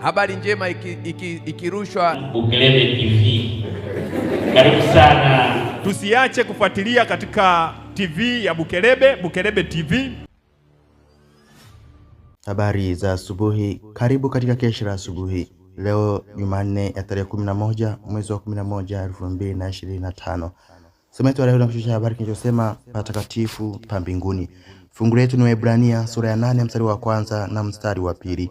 Habari njema ikirushwa iki, iki Bukelebe TV. Karibu sana, tusiache kufuatilia katika TV ya Bukelebe, Bukelebe TV. Habari za asubuhi, karibu katika kesha la asubuhi leo Jumanne ya tarehe 11 mwezi wa 11 2025. Somo letu leo tunakushusha habari kinachosema patakatifu pa mbinguni. Fungu letu ni Waebrania sura ya 8 mstari wa kwanza na mstari wa pili.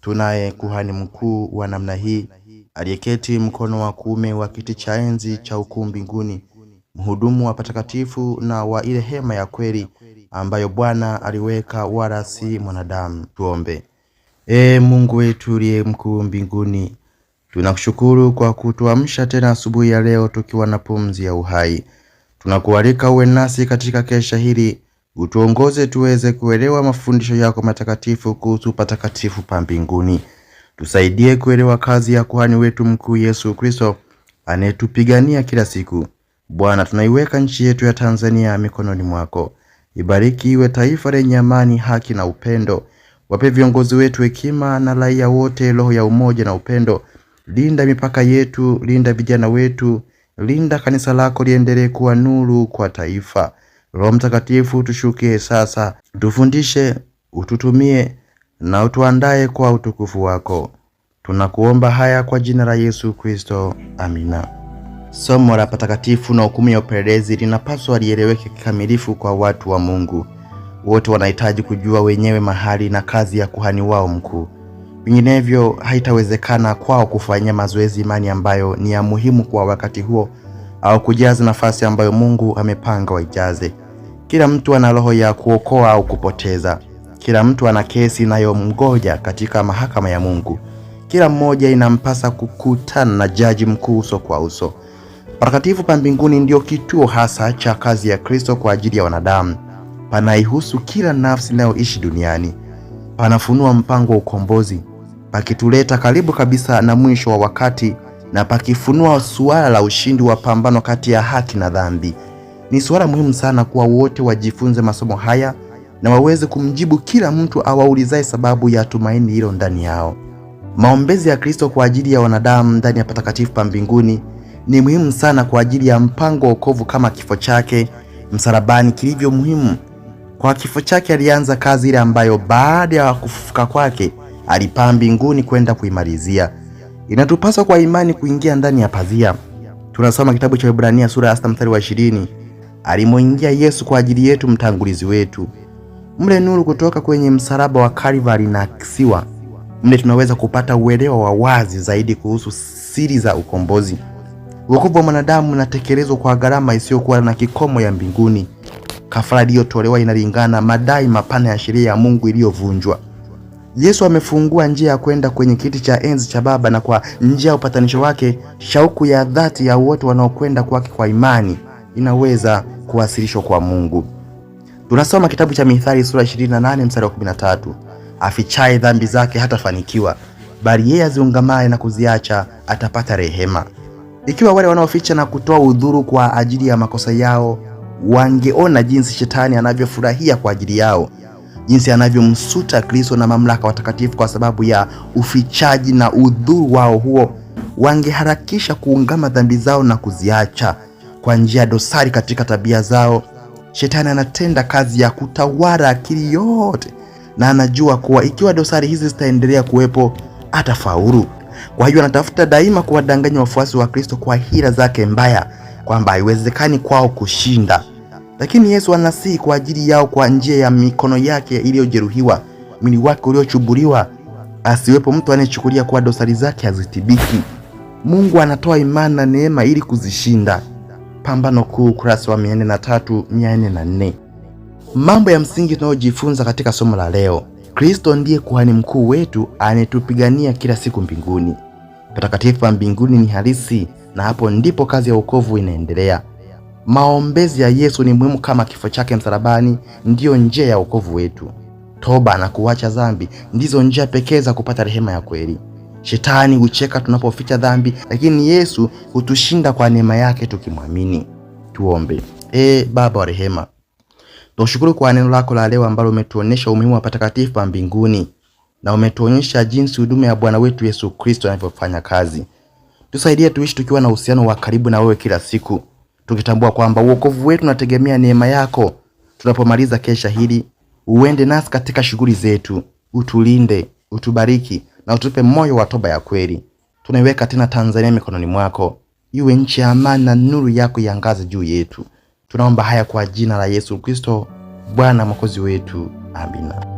Tunaye kuhani mkuu wa namna hii aliyeketi mkono wa kuume wa kiti cha enzi cha ukuu mbinguni, mhudumu wa patakatifu na wa ile hema ya kweli ambayo Bwana aliweka wala si mwanadamu. Tuombe. Ee Mungu wetu uliye mkuu mbinguni, tunakushukuru kwa kutuamsha tena asubuhi ya leo tukiwa na pumzi ya uhai. Tunakualika uwe nasi katika kesha hili utuongoze tuweze kuelewa mafundisho yako matakatifu kuhusu patakatifu pa mbinguni. Tusaidie kuelewa kazi ya kuhani wetu mkuu Yesu Kristo anayetupigania kila siku. Bwana, tunaiweka nchi yetu ya Tanzania mikononi mwako. Ibariki iwe taifa lenye amani, haki na upendo. Wape viongozi wetu hekima na raia wote roho ya umoja na upendo. Linda mipaka yetu, linda vijana wetu, linda kanisa lako liendelee kuwa nuru kwa taifa. Roho Mtakatifu, tushukie sasa, tufundishe, ututumie na utuandaye kwa utukufu wako. Tunakuomba haya kwa jina la Yesu Kristo, amina. Somo la patakatifu na hukumu ya upelelezi linapaswa lieleweke kikamilifu kwa watu wa Mungu wote. Wanahitaji kujua wenyewe mahali na kazi ya kuhani wao mkuu, vinginevyo haitawezekana kwao kufanya mazoezi imani ambayo ni ya muhimu kwa wakati huo au kujaza nafasi ambayo Mungu amepanga waijaze. Kila mtu ana roho ya kuokoa au kupoteza. Kila mtu ana kesi inayomgoja katika mahakama ya Mungu. Kila mmoja inampasa kukutana na jaji mkuu uso kwa uso. Patakatifu pa mbinguni ndiyo kituo hasa cha kazi ya Kristo kwa ajili ya wanadamu. Panaihusu kila nafsi inayoishi duniani. Panafunua mpango wa ukombozi, pakituleta karibu kabisa na mwisho wa wakati na pakifunua suala la ushindi wa pambano kati ya haki na dhambi. Ni suala muhimu sana kuwa wote wajifunze masomo haya na waweze kumjibu kila mtu awaulizaye sababu ya tumaini hilo ndani yao. Maombezi ya Kristo kwa ajili ya wanadamu ndani ya patakatifu pa mbinguni ni muhimu sana kwa ajili ya mpango wa wokovu kama kifo chake msalabani kilivyo muhimu. Kwa kifo chake alianza kazi ile ambayo baada ya kufufuka kwake alipaa mbinguni kwenda kuimalizia. Inatupaswa kwa imani kuingia ndani ya pazia. Tunasoma kitabu cha Ibrania sura ya sita mstari wa alimwingia Yesu kwa ajili yetu, mtangulizi wetu. Mle nuru kutoka kwenye msalaba wa Kalvari na kisiwa mle, tunaweza kupata uelewa wa wazi zaidi kuhusu siri za ukombozi. Wokovu wa mwanadamu unatekelezwa kwa gharama isiyokuwa na kikomo ya mbinguni. Kafara iliyotolewa inalingana madai mapana ya sheria ya Mungu iliyovunjwa. Yesu amefungua njia ya kwenda kwenye kiti cha enzi cha Baba, na kwa njia ya upatanisho wake, shauku ya dhati ya wote wanaokwenda kwake kwa imani inaweza kuwasilishwa kwa Mungu. Tunasoma kitabu cha Mithali sura 28 mstari wa 13, afichaye dhambi zake hatafanikiwa, bali yeye aziungamaye na kuziacha atapata rehema. Ikiwa wale wanaoficha na kutoa udhuru kwa ajili ya makosa yao wangeona jinsi shetani anavyofurahia kwa ajili yao, jinsi anavyomsuta Kristo na mamlaka watakatifu kwa sababu ya ufichaji na udhuru wao huo, wangeharakisha kuungama dhambi zao na kuziacha kwa njia ya dosari katika tabia zao. Shetani anatenda kazi ya kutawala akili yote, na anajua kuwa ikiwa dosari hizi zitaendelea kuwepo atafaulu. Kwa hiyo anatafuta daima kuwadanganya wafuasi wa Kristo kwa hila zake mbaya kwamba haiwezekani kwao kushinda, lakini Yesu anasihi kwa ajili yao kwa njia ya mikono yake iliyojeruhiwa, mwili wake uliochubuliwa. Asiwepo mtu anayechukulia kuwa dosari zake hazitibiki. Mungu anatoa imani na neema ili kuzishinda. Pambano Kuu, kurasa wa 403, 404. Mambo ya msingi tunayojifunza katika somo la leo: Kristo ndiye kuhani mkuu wetu anetupigania kila siku mbinguni. Patakatifu pa mbinguni ni halisi, na hapo ndipo kazi ya wokovu inaendelea. Maombezi ya Yesu ni muhimu kama kifo chake msalabani ndiyo njia ya wokovu wetu. Toba na kuacha dhambi ndizo njia pekee za kupata rehema ya kweli. Shetani hucheka tunapoficha dhambi, lakini Yesu hutushinda kwa neema yake tukimwamini. Tuombe. E Baba wa rehema, tunashukuru kwa neno lako la leo ambalo umetuonyesha umuhimu wa patakatifu pa mbinguni na umetuonyesha jinsi huduma ya Bwana wetu Yesu Kristo anavyofanya kazi. Tusaidie tuishi tukiwa na uhusiano wa karibu na wewe kila siku, tukitambua kwamba uokovu wetu unategemea neema yako. Tunapomaliza kesha hili, uende nasi katika shughuli zetu, utulinde, utubariki na utupe moyo wa toba ya kweli. Tunaiweka tena Tanzania mikononi mwako, iwe nchi ya amani na nuru yako iangaze juu yetu. Tunaomba haya kwa jina la Yesu Kristo, Bwana mwokozi wetu. Amina.